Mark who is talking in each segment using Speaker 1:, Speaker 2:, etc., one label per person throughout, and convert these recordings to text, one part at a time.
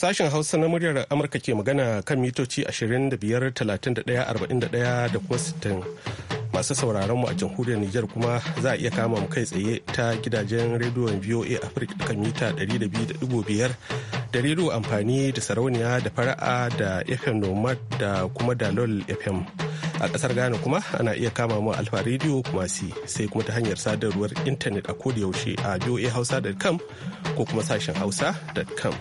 Speaker 1: Sashen Hausa na muryar Amurka ke magana kan mitoci 25, 31, 41 da kuma 60. Masu sauraron mu a jamhuriyar Nijar kuma za a iya kama mu kai tsaye ta gidajen rediyon VOA Africa kan mita 200.5 da rediyo amfani da sarauniya da fara'a da FM Nomad da kuma da lol FM. a kasar ghana kuma ana iya kama mu alfa radio kuma si sai kuma ta hanyar sadarwar intanet a yaushe a voahausa.com ko kuma sashen hausa.com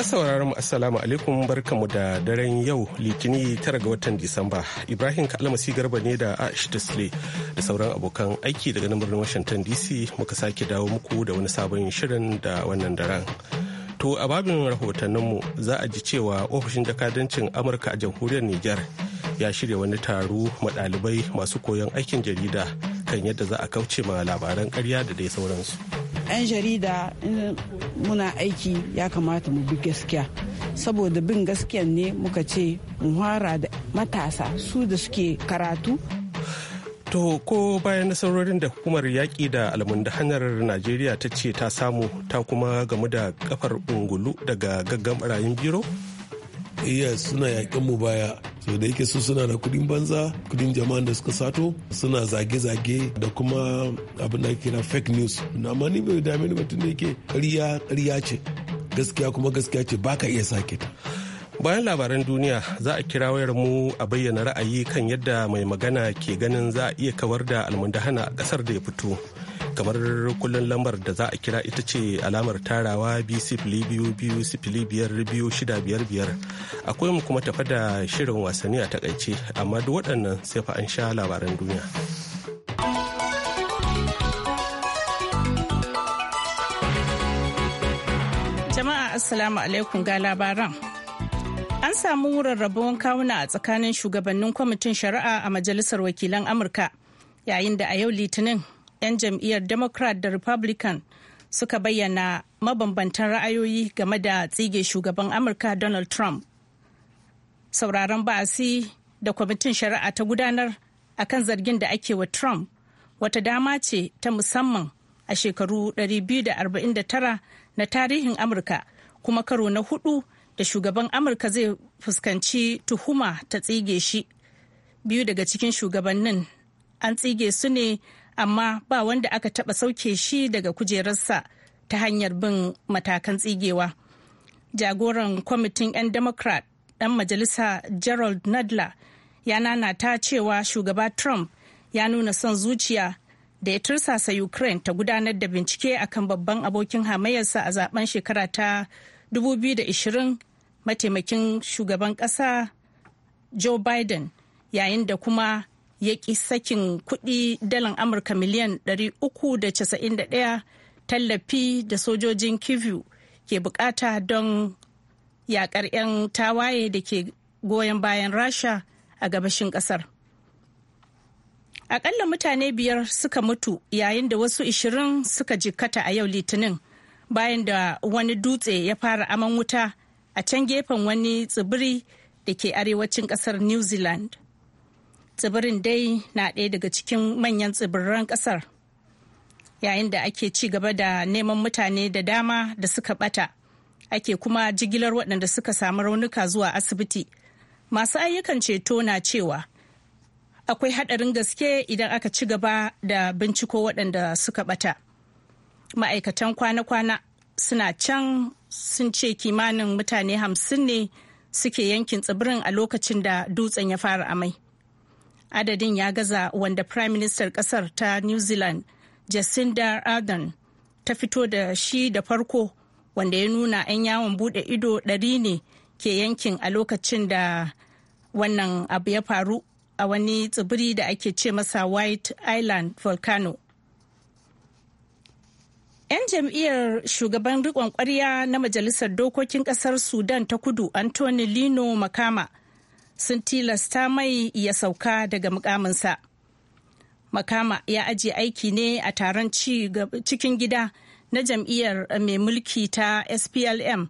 Speaker 1: sauraron mu assalamu alaikum barkamu da daren yau litini tara ga watan disamba ibrahim kalmasi garba ne da aisha tasle da sauran abokan aiki daga nan birnin washington dc muka sake dawo muku da wani sabon shirin da wannan daren to a babin rahotanninmu za a ji cewa ofishin jakadancin amurka a jamhuriyar Nijar ya shirya wani taro ma ɗalibai masu koyon aikin jarida kan yadda za a kauce ma labaran ƙarya da dai sauransu.
Speaker 2: 'yan jarida muna aiki ya kamata mu bi gaskiya saboda bin gaskiyan ne muka ce mu hara da matasa su da suke karatu
Speaker 1: To ko bayan nasarorin da hukumar yaƙi da almundahanar Najeriya ta ce ta samu ta kuma gamu da kafar ungulu daga gaggan barayin
Speaker 3: biro? Iya suna yaƙin mu baya sau da yake su suna da kudin banza kudin jama'an da suka sato suna zage-zage da kuma abin da kira fake news amma ni bai dame ni mutum da yake ƙarya ce gaskiya kuma gaskiya ce baka iya sake ta
Speaker 1: bayan labaran duniya za a kira wayar mu a bayyana ra'ayi kan yadda mai magana ke ganin za a iya kawar da almundahana a ƙasar da ya fito kamar kullun lambar da za a kira ita ce alamar tarawa b biyu biyu sifili biyar biyu shida biyar biyar akwai mu kuma tafa da shirin wasanni a takaice amma duk waɗannan sai fa an sha labaran duniya
Speaker 2: jama'a assalamu alaikum ga labaran an samu rarrabuwan kawuna a tsakanin shugabannin kwamitin shari'a a majalisar wakilan amurka yayin da a yau litinin 'yan jam'iyyar democrat da republican suka bayyana mabambantan ra'ayoyi game da tsige shugaban amurka donald trump sauraron ba'asi da kwamitin shari'a ta gudanar a kan zargin da ake wa trump wata dama ce ta musamman a shekaru 249 na tarihin amurka kuma karo na hudu da shugaban amurka zai fuskanci tuhuma ta tsige shi biyu daga cikin shugabannin an tsige su ne amma ba wanda aka taɓa sauke shi daga kujerarsa ta hanyar bin matakan tsigewa. Jagoran kwamitin 'yan Democrat ɗan majalisa Gerald Nadler ya nana ta cewa shugaba Trump ya nuna son zuciya da ya tursasa Ukraine ta gudanar da bincike akan babban abokin hamayarsa a zaben shekara ta 2020 mataimakin shugaban ƙasa Joe Biden yayin da kuma ya ki sakin kuɗi dalan amurka miliyan 391 tallafi da sojojin kivu ke bukata don yakar 'yan tawaye da ke goyon bayan rasha a gabashin ƙasar aƙalla mutane biyar suka mutu yayin da wasu ishirin suka jikkata a yau litinin bayan da wani dutse ya fara aman wuta a can gefen wani tsibiri da ke arewacin kasar new zealand tsibirin dai na ɗaya daga cikin manyan tsibiran ƙasar yayin da ake ci gaba da neman mutane da dama da suka ɓata ake kuma jigilar waɗanda suka samu raunuka zuwa asibiti masu ayyukan ceto na cewa akwai haɗarin gaske idan aka ci gaba da binciko waɗanda suka bata ma'aikatan kwana-kwana suna can sun ce kimanin mutane hamsin ne suke yankin tsibirin a lokacin da dutsen ya fara amai adadin ya gaza wanda prime minister kasar ta new zealand jacinda ardern ta fito da shi da farko wanda ya nuna 'yan yawon bude ido ɗari ne ke yankin a lokacin da wannan abu ya faru a wani tsibiri da ake ce masa white island volcano 'yan jam'iyyar shugaban rikon kwarya na majalisar dokokin kasar sudan ta kudu anthony lino makama sun tilasta mai ya sauka daga mukaminsa. Makama ya aje aiki ne a taron cikin gida na jam'iyyar eh, mai mulki ta SPLM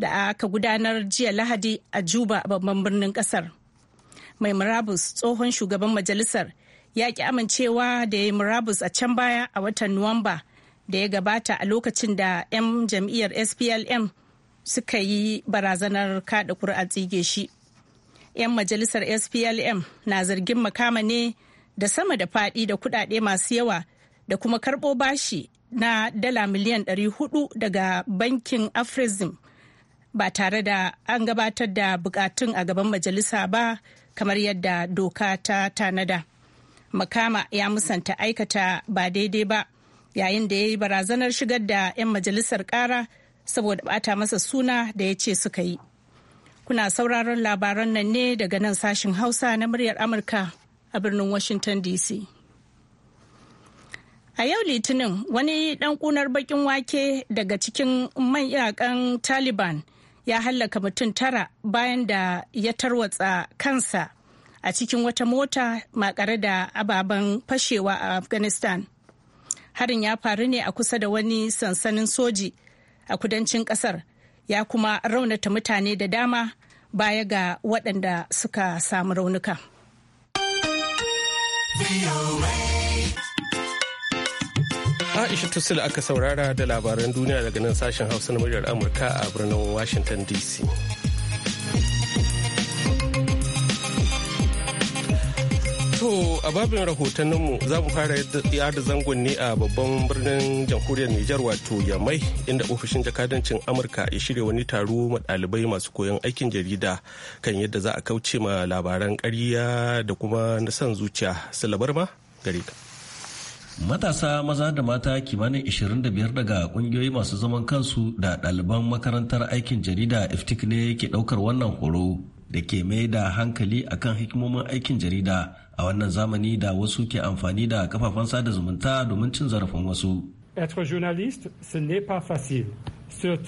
Speaker 2: da aka gudanar jiya Lahadi a Juba babban birnin kasar. Mai murabus tsohon shugaban majalisar ya ki amincewa da ya yi murabus a can baya a watan Nuwamba da ya gabata a lokacin da 'yan jam'iyyar SPLM suka yi barazanar kada ƙuri'a tsige shi. 'yan majalisar SPLM na zargin makama ne da sama da faɗi da kuɗaɗe masu yawa da kuma karɓo bashi na dala miliyan 400 daga bankin Afrexim ba tare da an gabatar da bukatun a gaban majalisa ba kamar yadda doka ta tanada. Makama ya musanta aikata ba daidai ba yayin da ya yi barazanar shigar da 'yan majalisar ƙara saboda ɓata masa suna da ya ce suka yi. Kuna sauraron labaran nan ne daga nan sashin Hausa na muryar Amurka a birnin Washington DC. A yau Litinin wani ɗan ƙunar baƙin wake daga cikin man mayakan Taliban ya hallaka mutum tara bayan da ya tarwatsa kansa a cikin wata mota makare da ababen fashewa a Afghanistan. Harin ya faru ne a kusa da wani sansanin soji a kudancin ƙasar ya kuma raunata mutane da dama baya ga waɗanda suka samu raunuka.
Speaker 1: Aisha Tussil aka saurara da labaran duniya daga nan sashen Hausa na muryar Amurka a birnin Washington DC. To a babin rahotanninmu za mu fara yada zangon ne a babban birnin jamhuriyar Nijar wato Yamai inda ofishin jakadancin Amurka ya shirya wani taro ma ɗalibai masu koyon aikin jarida kan yadda za a kauce ma labaran ƙarya da kuma na son zuciya. Salabar ma gare ka.
Speaker 4: Matasa maza da mata kimanin 25 daga kungiyoyi masu zaman kansu da ɗaliban makarantar aikin jarida iftik ne ke ɗaukar wannan horo da ke mai da hankali akan hikimomin aikin jarida a wannan zamani da wasu ke amfani da kafafen sada zumunta domin cin zarafin wasu. Être journaliste, ce n'est euh,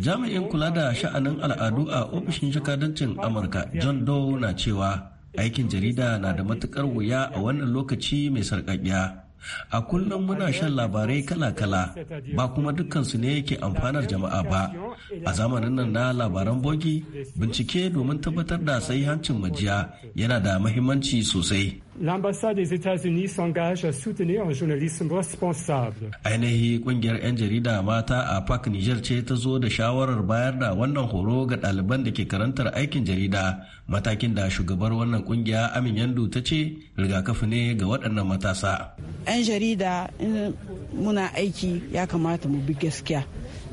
Speaker 4: Jami'in kula da sha'anin al'adu a ofishin jakadancin Amurka John Doe na cewa aikin jarida na da matukar wuya a wannan lokaci mai sarƙaƙiya. a kullum muna shan labarai kala-kala ba kuma dukkansu ne yake amfanar jama'a ba a zamanin nan na labaran bogi bincike domin tabbatar da sai hancin majiya yana da mahimmanci sosai
Speaker 5: l'ambassade des États-Unis s'engage à soutenir un journalisme responsable.
Speaker 4: Ainihi kungiyar 'yan jarida mata a Park Niger ce ta zo da shawarar bayar da wannan horo ga ɗaliban da ke karantar aikin jarida matakin da shugabar wannan kungiya Amin Yandu ta ce rigakafi ne ga waɗannan matasa.
Speaker 2: 'Yan jarida muna aiki ya kamata mu bi gaskiya.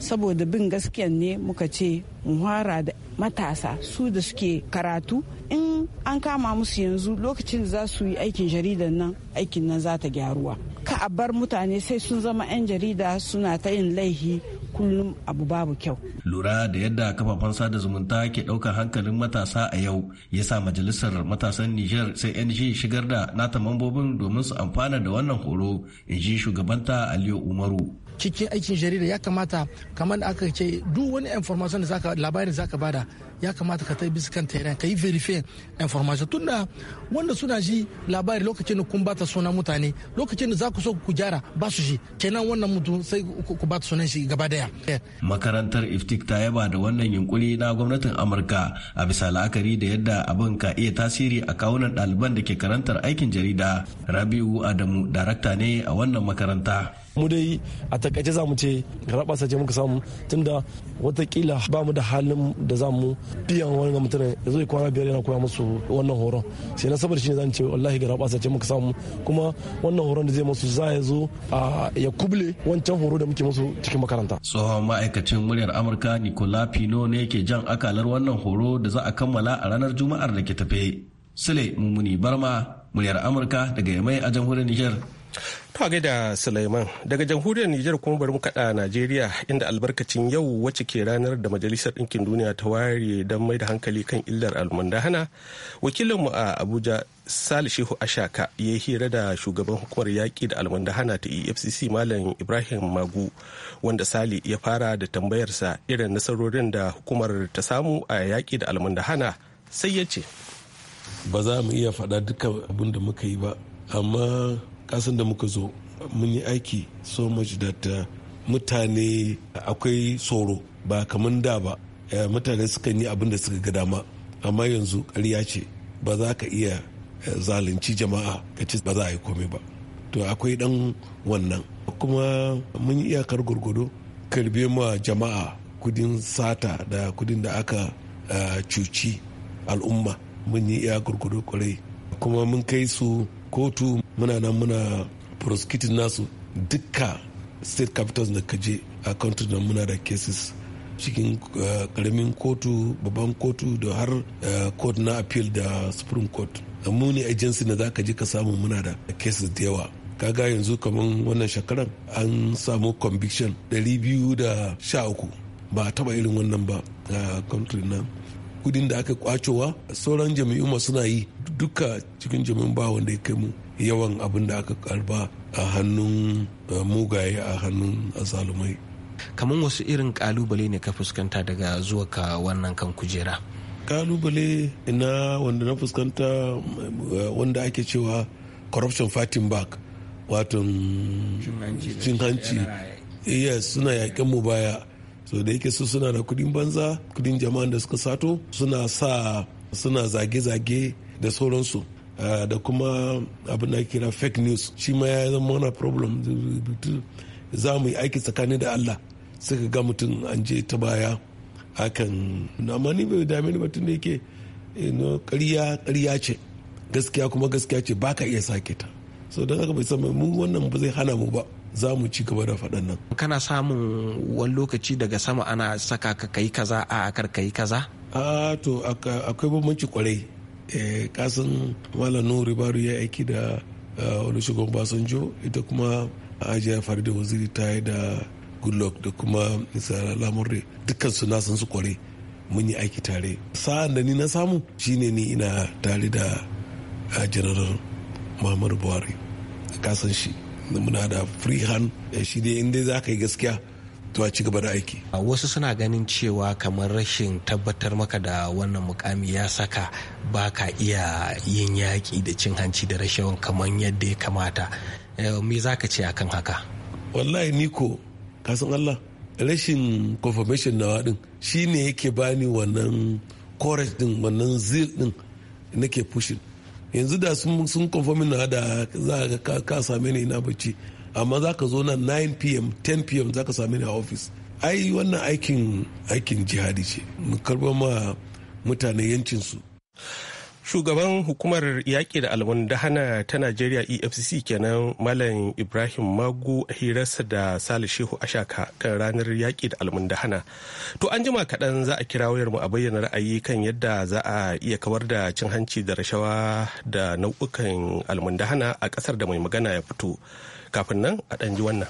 Speaker 2: saboda bin gaskiyan ne muka ce muhara da matasa su da suke karatu in an kama musu yanzu lokacin da za su yi aikin jaridan nan aikin nan za ta gyaruwa ka a bar mutane sai sun zama 'yan jarida suna ta yin laihi kullum abu babu kyau.
Speaker 4: Lura da yadda kafafen sada zumunta ke ɗaukar hankalin matasa a yau ya sa majalisar matasan Nijar sai NG shigar da nata mambobin domin su amfana da wannan horo in ji shugabanta Aliyu Umaru. cikin aikin jarida ya kamata kamar da aka ce duk wani information da zaka labarin zaka bada ya kamata ka tabi kan terrain ka yi verifiyen information tunda wanda suna ji labari lokacin da kun bata suna mutane lokacin da za ku so ku gyara ba su shi kenan wannan mutum sai ku bata sunan shi gaba daya makarantar iftik ta yaba da wannan yunkuri na gwamnatin amurka a bisa la'akari da yadda abin ka iya tasiri a kawunan ɗaliban da ke karantar aikin jarida rabiu adamu darakta ne a wannan
Speaker 3: makaranta mu dai a takaice za mu ce rabasa ce muka samu tunda watakila ba mu da halin da za mu biyan wani mutum ya zo kwana biyar yana koya musu wannan horon sai na saboda shine zan ce wallahi ga rabasa ce muka samu kuma wannan horon da zai musu za ya zo a ya kuble wancan horo da muke musu cikin makaranta
Speaker 4: tsohon ma'aikacin muryar amurka nicola pino ne ke jan akalar wannan horo da za a kammala a ranar juma'ar da ke tafe sule mummuni barma muryar amurka daga yamai a jamhuriyar niger To gaida
Speaker 1: Sulaiman daga jamhuriyar Nijar kuma bari mu kaɗa Najeriya inda albarkacin yau wacce ke ranar da Majalisar Ɗinkin Duniya ta ware don mai da hankali kan illar almundahana. Wakilinmu a Abuja Sale Shehu Ashaka ya hira da shugaban hukumar yaƙi da almundahana ta EFCC Malam Ibrahim Magu wanda sali ya fara da tambayarsa irin nasarorin da hukumar ta samu a yaƙi da almundahana sai ya ce.
Speaker 3: Ba za mu iya faɗa duka abin da muka yi ba amma kasan da muka zo mun yi aiki so much that uh, mutane akwai tsoro ba kamar da ba mutane sukan yi abin da suka ga dama amma yanzu ƙarya ce ba za ka iya uh, zalunci jama'a ka ci ba za a yi komai ba to akwai dan wannan kuma mun yi iyakar gurgudu karbe ma jama'a kudin sata da kudin da aka uh, cuci al'umma mun yi iya gurgudu kwarai kuma mun kai su kotu muna nan muna prosecuting nasu dukka state capitals da kaje a country na muna da cases cikin eh, karamin kotu babban kotu da har eh, court na appeal da supreme court mu ne agency na za ka je ka samu muna da cases da yawa kaga yanzu kamar wannan shekaran an samu conviction 213 ba taba irin wannan ba a country na kudin da aka kwacewa sauran jami'u masu na yi duka cikin jami'un ba wanda ya kai mu yawan abin da aka karba a hannun eh, mugaye a hannun azalumai kamar wasu irin kalubale ne ka fuskanta daga zuwa ka wannan kan kujera kalubale na wanda na fuskanta eh, wanda ake cewa corruption fighting back wato cin hanci yes suna yaƙen mu baya so da yake su suna da kudin banza kudin jama'an da suka sato suna sa suna zage-zage da sauransu Ah, da kuma abin da kira fake news shi ma ya zama mana problem za mu yi aiki tsakani da allah suka ga mutum an je ta baya hakan amma ni bai dame ni batun da yake ƙarya ƙarya ce gaskiya kuma gaskiya ce baka iya sake ta so don haka bai san mu wannan ba zai hana mu ba za mu ci gaba da faɗan nan. Kana samun wani lokaci daga sama ana saka ka kai kaza a akar kai kaza? A ah, to akwai bambanci kwarai Eh, kasan malam nuri baru ya aiki da eh, wani shugaban basanjo ita kuma ajiya farida waziri ta yi da goodluck da kuma misali lamurre dukkan su nasan su kware mun yi aiki tare sa'an da ni na samu shine ni ina tare da eh, general muhammadu buhari kasan shi muna da free hand shi dai inda za ka yi gaskiya to a ci da aiki. Wasu suna ganin cewa kamar rashin tabbatar maka da wannan mukami ya saka ba ka iya yin yaƙi da cin hanci da rashawan kamar yadda ya kamata. Eh, me za ka ce akan haka? Wallahi niko kasan Allah rashin confirmation na waɗin shi ne yake bani wannan courage din wannan ɗin din nake pushing yanzu da sun confirming na da za ka same ni ina bacci amma za ka zo na 9 pm 10 pm za ka sami ni a ofis ai wannan aikin aikin jihadi ce mu karɓa ma mutane yancinsu shugaban
Speaker 1: hukumar yaƙi da almundahana ta najeriya efcc kenan malam ibrahim magu a hirarsa da sale shehu ashaka kan ranar yaƙi da almundahana to an jima kaɗan za a kira wayarmu a bayyana ra'ayi kan yadda za a iya kawar da cin hanci da rashawa da nau'ukan almundahana a ƙasar da mai magana ya fito kafin nan a ɗan ji wannan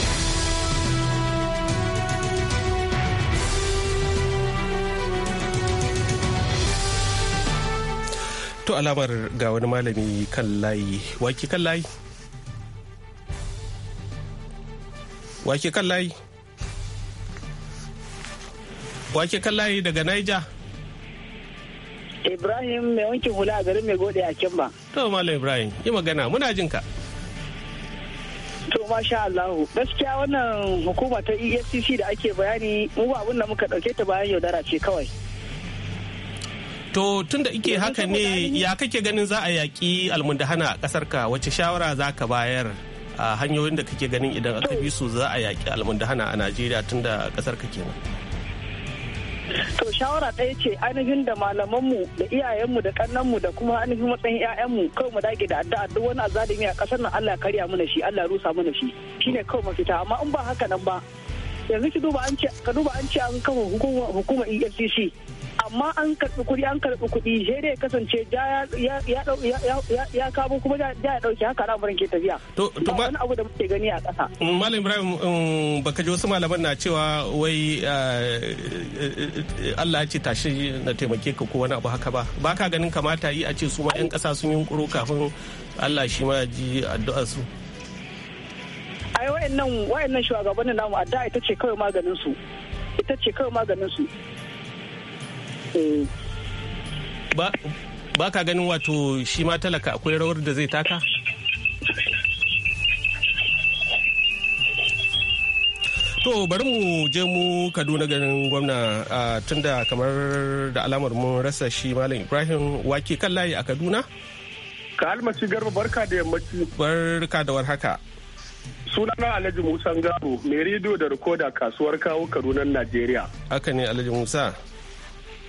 Speaker 1: to alamar ga wani malami kan layi waki kan layi wake kan layi wake kan layi daga naija
Speaker 6: ibrahim mai wankin hula a garin mai gode a
Speaker 1: kimba to malam ibrahim yi magana muna jin ka
Speaker 6: to masha Allah, gaskiya wannan hukuma ta efcc da ake bayani mu ba abin da muka dauke ta bayan yaudara ce kawai
Speaker 1: To tunda ike haka ne ya kake ganin za a yaƙi almundahana a ƙasar ka wace shawara za ka bayar a hanyoyin da kake ganin idan aka bi su za a yaƙi almundahana a Najeriya tunda ƙasar ka kenan.
Speaker 6: To shawara ɗaya ce ainihin da malamanmu da iyayenmu da kannanmu da kuma ainihin matsayin 'ya'yanmu kawai mu dage da addu'a duk wani azalimi a ƙasar nan Allah ya karya mana shi Allah ya rusa mana shi shine kawai mafita amma in ba haka nan ba yanzu ki duba an ce ka duba an ce an kama hukumar EFCC amma an karɓi kuɗi an karɓi kuɗi sai dai kasance ya kabo kuma ja ya ɗauki haka al'amuran ke tafiya. To to ba wani abu da muke gani a ƙasa.
Speaker 1: Mm, Malam Ibrahim mm, baka ji wasu malaman na cewa wai eh, eh, eh, Allah ya ce tashi na taimake ka ko wani abu haka ba ba ka ganin kamata yi a ce su ma 'yan ƙasa sun yi kafin Allah shi ma ji addu'a su.
Speaker 7: ai
Speaker 6: wayannan wayannan shugabannin namu adda ita ce kawai maganin su ita ce kawai maganin su
Speaker 1: ba ka ganin wato shi ma talaka akwai rawar da zai taka? To bari mu je mu Kaduna ganin gwamna tunda kamar da alamar mun rasa shi Malam Ibrahim wake kan layi a Kaduna?
Speaker 8: Ka almaci garba barka da yammaci. Barka da warhaka. Sunana Alhaji Musa Ngaro, mai rediyo da rikoda kasuwar kawo Kadunan Najeriya. Haka ne Alhaji Musa.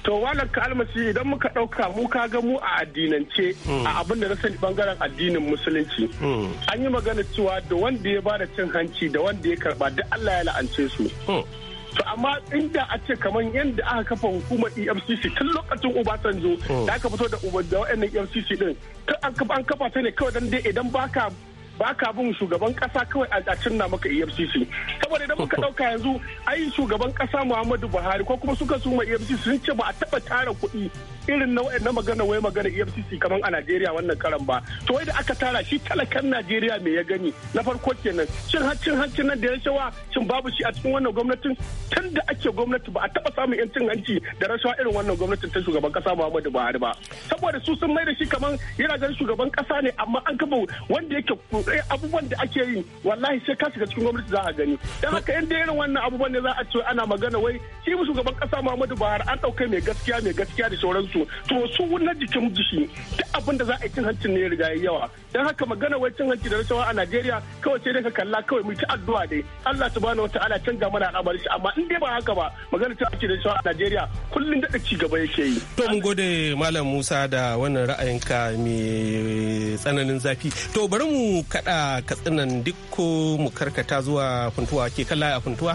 Speaker 8: to wannan ka almasi idan muka ɗauka mu ka ga mu a addinance hmm. a abin da na sani bangaren addinin musulunci hmm. an yi magana cewa da wanda ya bada cin hanci da wanda ya karba duk Allah ya la'ance su hmm. to amma inda a ce kamar yadda aka kafa hukumar EFCC tun lokacin Obasanjo da aka fito da da waɗannan EFCC din tun an kafa ta ne kawai dan dai idan baka ba bin shugaban kasa kawai a na maka efcc saboda idan muka dauka yanzu ayi shugaban kasa muhammadu buhari ko kuma suka suma efcc sun ce ba a taba tara kuɗi irin na na magana wai magana efcc kamar a najeriya wannan karan ba to wai da aka tara shi talakan najeriya me ya gani na farko kenan nan hancin hancin nan da ya shawa cin babu shi a cikin wannan gwamnatin tun da ake gwamnati ba a taba samun yancin hanci da rashawa irin wannan gwamnatin ta shugaban kasa muhammadu buhari ba saboda su sun mai da shi kamar yana ganin shugaban kasa ne amma an kafa wanda yake abubuwan da ake yi wallahi sai ka shiga cikin gwamnati za a gani dan haka yanda irin wannan abubuwan ne za a ce ana magana wai shi musu gaban kasa Muhammadu Buhari an dauke mai gaskiya mai gaskiya da sauransu to su na jikin jishi duk abin da za a yi cin hancin ne ya riga yawa don haka magana wai cin hanci da rashawa a Najeriya kawai sai dai ka kalla kawai mu ci addu'a dai Allah subhanahu wataala canja mana al'amari shi amma in dai ba haka ba magana cin hanci da rashawa a Najeriya kullun da ci gaba yake yi
Speaker 1: to mun gode malam Musa da wannan ra'ayinka mai tsananin zafi to bari mu kaɗa katsinan dukko mu karkata zuwa funtuwa ke kalla a funtuwa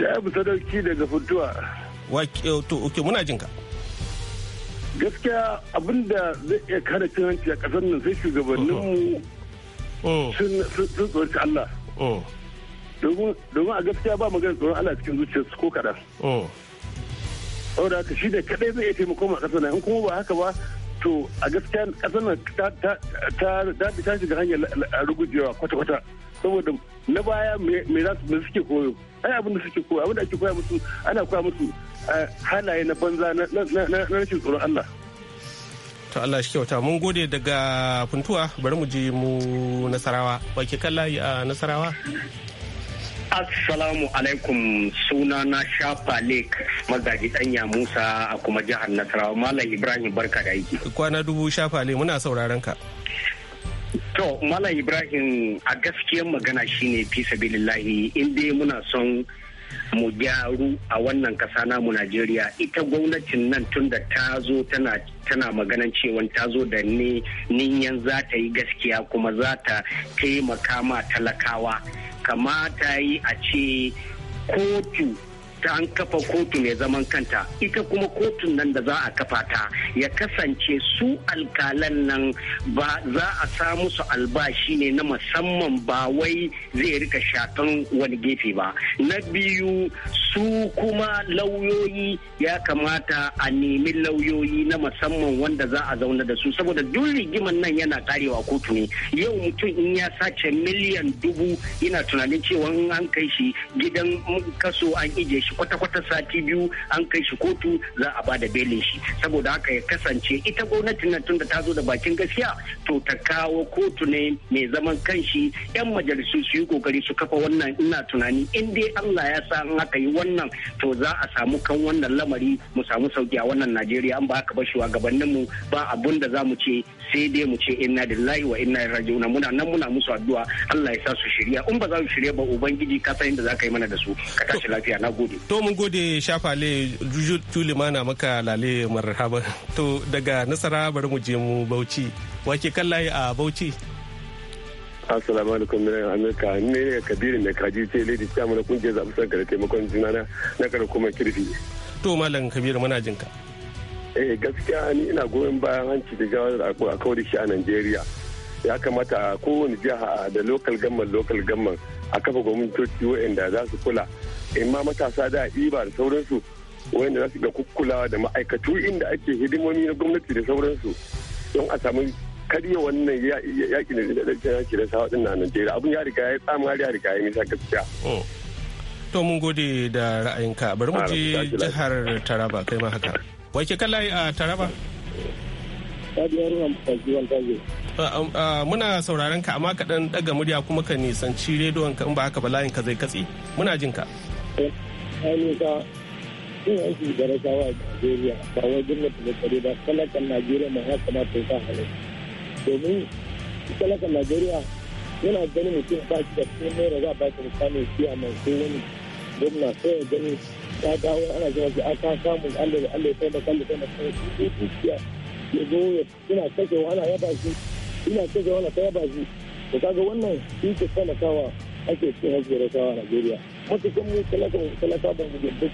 Speaker 8: Sha'ibu Sadauki daga funtuwa.
Speaker 1: Wa eh, to oke muna jinka.
Speaker 8: gaskiya abinda zai iya kare cin hanci a kasar nan sai shugabanninmu oh. oh. sun tsorci Allah oh. domin a gaskiya ba magana tsoron Allah cikin zuciyarsu ko kaɗan saboda haka shi da kaɗai zai iya taimako ma kasar nan in kuma ba haka ba to a gaskiya kasar nan ta ta shiga hanyar rugujewa kwata-kwata saboda na baya me suke koyo ai abin da suke koyo abin da ake koya musu ana koya musu halaye na banza na rashin tsoron Allah.
Speaker 1: To Allah shi kyauta mun gode daga funtuwa bari mu je mu nasarawa ba ke kalla a nasarawa.
Speaker 6: Assalamu alaikum suna na shafa lake magaji danya Musa a kuma jihar Nasarawa Malam Ibrahim barka da aiki.
Speaker 1: Kwana dubu shafa lake muna sauraron ka.
Speaker 6: To Malam Ibrahim a gaskiyar magana shine fi sabilillahi in dai muna son mu gyaru a wannan kasa namu Najeriya ita gwamnatin nan tun da ta zo tana tana maganan cewa ta zo da ne niyan za ta yi gaskiya kuma za ta taimaka ma talakawa kamata yi a ce kotu ta an kafa kotu mai zaman kanta ita kuma kotun nan da za a kafa ta ya kasance su alkalan nan ba za a sa musu albashi ne na musamman ba wai zai rika shafan wani gefe ba na biyu su kuma lauyoyi ya kamata a nemi lauyoyi na musamman wanda za a zauna da su saboda duk rigiman nan yana karewa kotu ne yau mutum in ya sace miliyan dubu yana tunanin cewa an kai shi gidan kaso an ije shi shi kwata-kwata sati biyu an kai shi kotu za a bada belin shi saboda haka ya kasance ita gwamnati na tunda ta zo da bakin gaskiya to ta kawo kotu ne mai zaman kanshi yan majalisu su yi kokari su kafa wannan ina tunani in dai Allah ya sa an aka yi wannan to za a samu kan wannan lamari mu samu sauki a wannan Najeriya an ba haka ba gabanin mu ba abun da za mu ce sai dai mu ce inna lillahi wa inna ilaihi raji'un muna nan muna musu addu'a Allah ya sa su shirya in ba za su shirya ba ubangiji ka san inda za ka yi mana da su ka tashi lafiya na gode
Speaker 1: to mun gode shafale mana maka lale marhaba to daga nasara bari mu je mu bauchi wake kallaye a bauchi
Speaker 8: assalamu alaikum mai amurka ne ne kabirin da kaji ce lady ta mana kungiyar zaɓi son da taimakon juna na na kar kuma kirfi
Speaker 1: to malam kabir muna jinka
Speaker 8: eh gaskiya ni ina goyon bayan hanci da gawar a kawai shi a najeriya ya kamata kowane jiha da local gamman local gamman a kafa gwamnatoci waɗanda za su kula in ma matasa da ba da sauransu waɗanda za su ga kukkulawa da ma'aikatu inda ake hidimomi na gwamnati da sauransu don a samu karya wannan yaƙi da yaki da sawa ɗin na Najeriya abin ya riga ya tsama ya riga ya nisa gaskiya.
Speaker 1: Oh. To mun gode da ra'ayinka bari mu je jihar Taraba kai ma haka. Wai ke kallaye a Taraba?
Speaker 5: Ah,
Speaker 1: ah, muna sauraron ka amma kaɗan ɗaga murya kuma ka nisanci rediyon ka in ba haka ba layin ka zai katse. Muna jin ka.
Speaker 5: yin eh, aiki da rasawa a Najeriya ba wai gwamnati da tsare ba talakan Najeriya ma ya kamata ya sa halin. Domin talakan Najeriya yana ganin mutum ba shi da cikin naira za a ba shi mai ko wani gwamna sai ya gani ya dawo ana zama a ah, ka samun Allah da Allah ya taimaka da taimaka da taimaka ya zo ina kashe wahala ya ba shi ina kashe wahala ta ya ba shi to kaga wannan shi ke talakawa ake cin hajji da kawa a Najeriya matukan mu talaka talaka ba mu yadda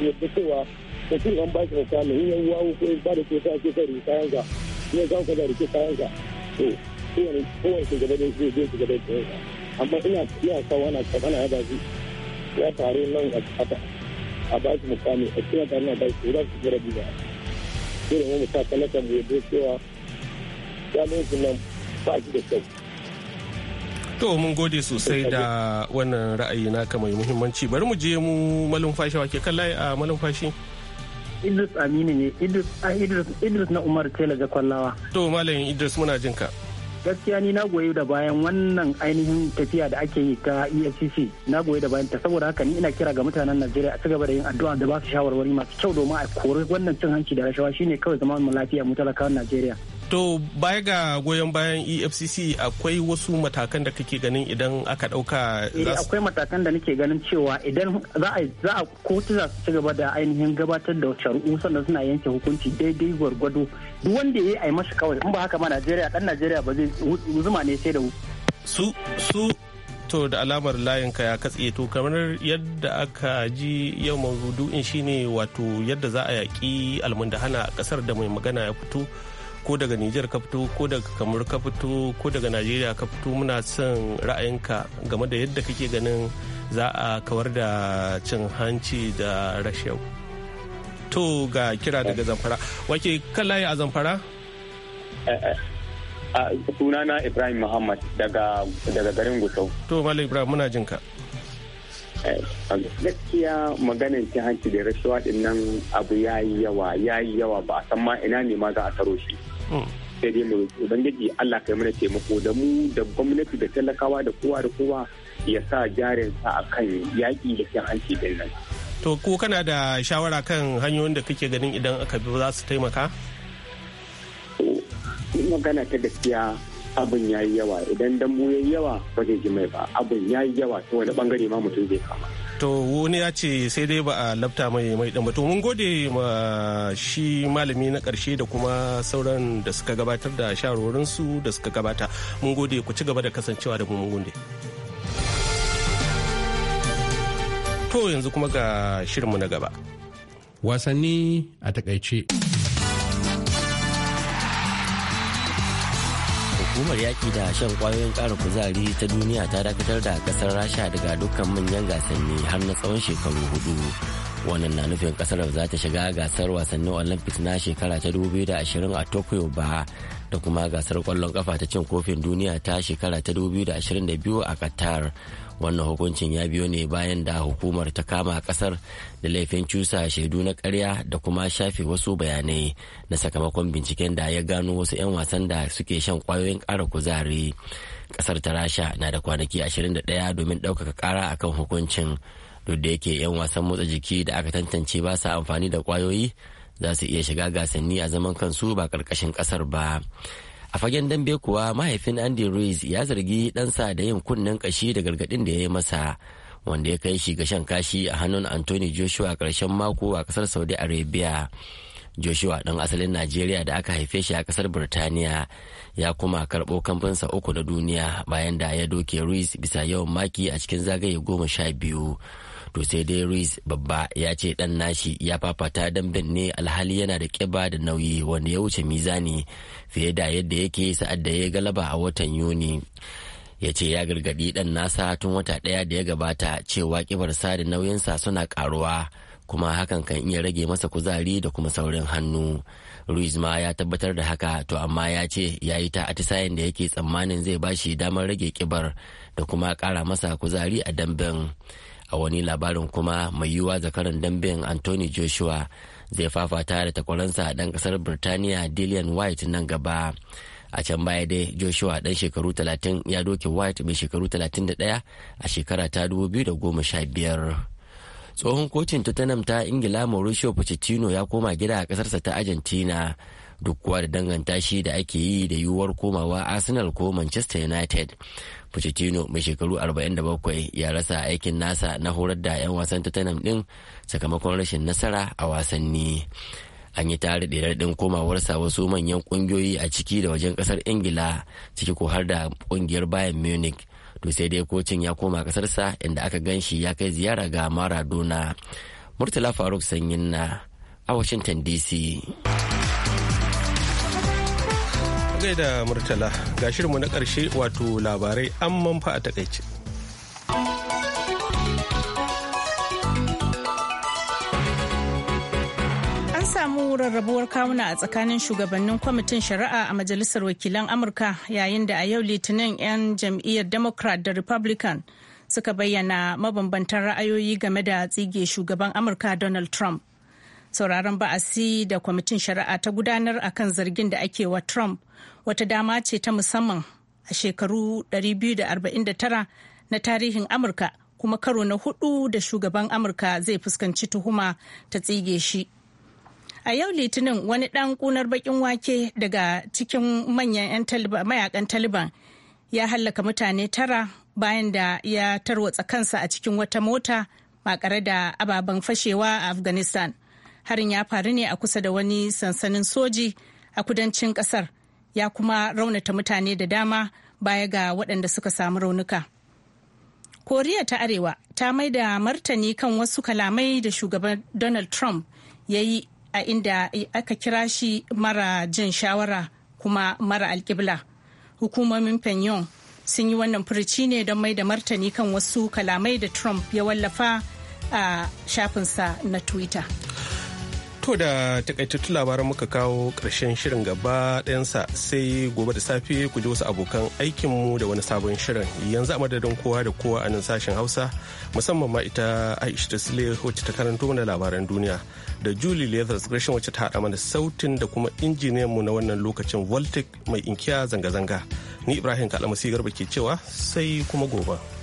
Speaker 5: yadda cewa mutum an ba shi da kame yan wawo ko ba da kyauta ake kai kayan ka ne za ka da rike kayan ko to kowane kowane shugaba ne zai zai shugaba da amma ina ina kawo ana ya ba shi ya taru nan a ba shi mukami a cikin tarin da ba shi da shi gara biyu dole mu sa mu yadda cewa zalunci nan ba shi da kyau
Speaker 1: To mun gode sosai da wannan ra'ayi naka mai muhimmanci bari mu je mu malumfashi wake kan layi a malumfashi.
Speaker 6: Idris Aminu ne Idris na Umar Tela Jakwallawa.
Speaker 1: To Malam Idris muna jinka. ka.
Speaker 6: gaskiya ni na goyi da bayan wannan ainihin tafiya da ake yi ta efcc na goyi da bayan ta saboda haka ni ina kira ga mutanen najeriya a cigaba da yin addu'a da ba su shawarwari masu kyau domin a kori wannan cin hanci da rashawa shine kawai zaman mu lafiya mu talakawan najeriya
Speaker 1: To baya ga goyon bayan EFCC akwai wasu matakan da kake ganin idan aka dauka. Eh, akwai
Speaker 6: matakan da nake ganin cewa idan za a kotu za su ci gaba da ainihin gabatar da shari'u sannan suna yanke hukunci daidai gwargwado duk wanda ya yi a yi mashi kawai in ba haka ma Najeriya dan Najeriya ba zai zuma ne sai da su su
Speaker 1: to da alamar layin ka ya katse to kamar yadda aka ji yau in shine wato yadda za a yaƙi almundahana a ƙasar da mai magana ya fito ko daga Nijar ka fito ko daga Kamar ka fito ko daga Najeriya ka fito muna son ra'ayinka game da yadda kake ganin za a kawar da cin hanci da rashau. To ga kira daga Zamfara. Wake kan layi a Zamfara?
Speaker 5: Sunana Ibrahim Muhammad daga garin Gusau.
Speaker 1: To Malam Ibrahim muna jinka.
Speaker 5: Eh, gaskiya maganin cin hanci da rashawa din nan abu ya yi yawa ya yi yawa ba a san ma ina ne ma za a taro shi. sai dai mu ubangiji Allah kai mana taimako da mu da gwamnati da talakawa da kowa da kowa ya sa jarin sa akan yaƙi da kyan hanci din nan
Speaker 1: to ko kana da shawara kan hanyoyin da kake ganin idan aka bi za su taimaka
Speaker 5: magana ta gaskiya abin ya yi yawa idan dambu ya yi yawa ba zai ji mai ba abin ya yi yawa ta wani bangare ma mutum zai kama
Speaker 1: to wani ya ce sai dai ba a labta mai mai dama to mun gode ma shi malami na karshe da kuma sauran da suka gabatar da shawarwarinsu da suka gabata mun gode ku ci gaba da kasancewa da mu mun gode to yanzu kuma ga shirin mu na gaba wasanni a takaice
Speaker 7: hukumar yaƙi da shan ƙwayoyin ƙara kuzari ta duniya ta dakatar da ƙasar rasha daga dukkan manyan gasanni har na tsawon shekaru hudu wannan na nufin ƙasar za ta shiga gasar wasannin olympics na shekara ta 2020 a tokyo ba da kuma gasar ƙwallon ƙafa ta cin kofin duniya ta shekara ta 2022 a qatar wannan hukuncin ya biyo ne bayan da hukumar ta kama kasar da laifin cusa shaidu na karya da kuma shafe wasu bayanai na sakamakon binciken da ya gano wasu 'yan wasan da suke shan kwayoyin kara kuzari kasar ta rasha na da kwanaki 21 domin ɗaukaka kara akan hukuncin duk da yake 'yan wasan motsa jiki da aka tantance ba sa amfani da kwayoyi za su iya shiga gasanni a zaman kansu ba ƙarƙashin ƙasar ba. a fagen dambe kuwa mahaifin andy ruiz ya zargi ɗansa da yin kunnen kashi da gargaɗin da ya yi masa wanda ya kai shi ga shan kashi a hannun anthony joshua ƙarshen mako a ƙasar saudi arabia joshua ɗan asalin najeriya da aka haife shi a ƙasar birtaniya ya kuma karɓo kamfansa uku na duniya bayan da ya doke ruiz bisa yawan maki a cikin zagaye goma sha biyu to sai dai ruiz babba ya ce dan nashi ya fafata dambin ne alhali yana da kiba da nauyi wanda ya wuce mizani fiye da yadda yake sa'ad da ya galaba a watan yuni ya ce ya gargadi dan nasa tun wata daya da ya gabata cewa kibarsa da nauyinsa suna karuwa kuma hakan kan iya rage masa kuzari da kuma saurin hannu ruiz ma ya tabbatar da haka to amma ya ce ya yi ta atisayen da yake tsammanin zai bashi damar rage kibar da kuma kara masa kuzari a damben a wani labarin kuma mai yiwuwa zakaran damben anthony joshua zai fafata da takwaransa a ɗan kasar birtaniya dillian white nan gaba a can baya dai joshua dan shekaru 30 ya doke white mai shekaru 31 a shekara ta 2015 tsohon kocin tottenham ta ingila mauricio pochettino ya koma gida a kasarsa ta argentina duk kuwa da danganta shi da ake yi da yiwuwar komawa arsenal ko manchester united Pochettino mai shekaru 47 ya rasa aikin nasa na horar da 'yan wasan Tottenham din sakamakon rashin nasara a wasanni. An yi tare da ɗin komawarsa wasu manyan ƙungiyoyi a ciki da wajen ƙasar Ingila ciki ko har da ƙungiyar Bayern Munich. To sai dai kocin ya koma ƙasarsa inda aka gan shi ya kai ziyara ga Maradona. Murtala Faruk Sanyin na a Washington DC.
Speaker 1: da Murtala ga shirinmu na ƙarshe wato labarai an manfa a takaice.
Speaker 2: An samu rarrabuwar kawuna a tsakanin shugabannin kwamitin shari'a a Majalisar Wakilan Amurka yayin da a yau Litinin 'yan jam'iyyar Democrat da Republican suka bayyana mabambantan ra'ayoyi game da tsige shugaban Amurka Donald Trump. sauraron ba'asi da kwamitin shari'a ta gudanar akan zargin da ake wa trump wata dama ce ta musamman a shekaru 249 na tarihin amurka kuma karo na hudu da shugaban amurka zai fuskanci tuhuma ta tsige shi a yau litinin wani dan kunar bakin wake daga cikin manyan mayakan taliban ya hallaka mutane tara bayan da ya tarwatsa kansa a cikin wata mota makare da ababen fashewa a afghanistan harin ya faru ne a kusa da wani sansanin soji a kudancin kasar ya kuma raunata mutane da dama baya ga waɗanda suka samu raunuka. koriya ta arewa ta mai da martani kan wasu kalamai da shugaban donald trump ya yi a inda aka kira shi mara jin shawara kuma mara alkibla hukumomin pyongyang sun yi wannan furici ne don mai da martani kan wasu kalamai da trump ya wallafa a shafinsa na twitter
Speaker 1: To da takaitattun labaran muka kawo ƙarshen shirin gaba ɗayansa sai gobe da safe ku ji wasu abokan aikinmu da wani sabon shirin yanzu a madadin kowa da kowa a nan sashen Hausa musamman ma ita Aisha Tasile wacce ta karanto mana labaran duniya da Julie Leathers Gresham wacce ta haɗa mana sautin da kuma injiniyan mu na wannan lokacin Voltic mai inkiya zanga-zanga. Ni Ibrahim Kalamasi Garba ke cewa sai kuma gobe.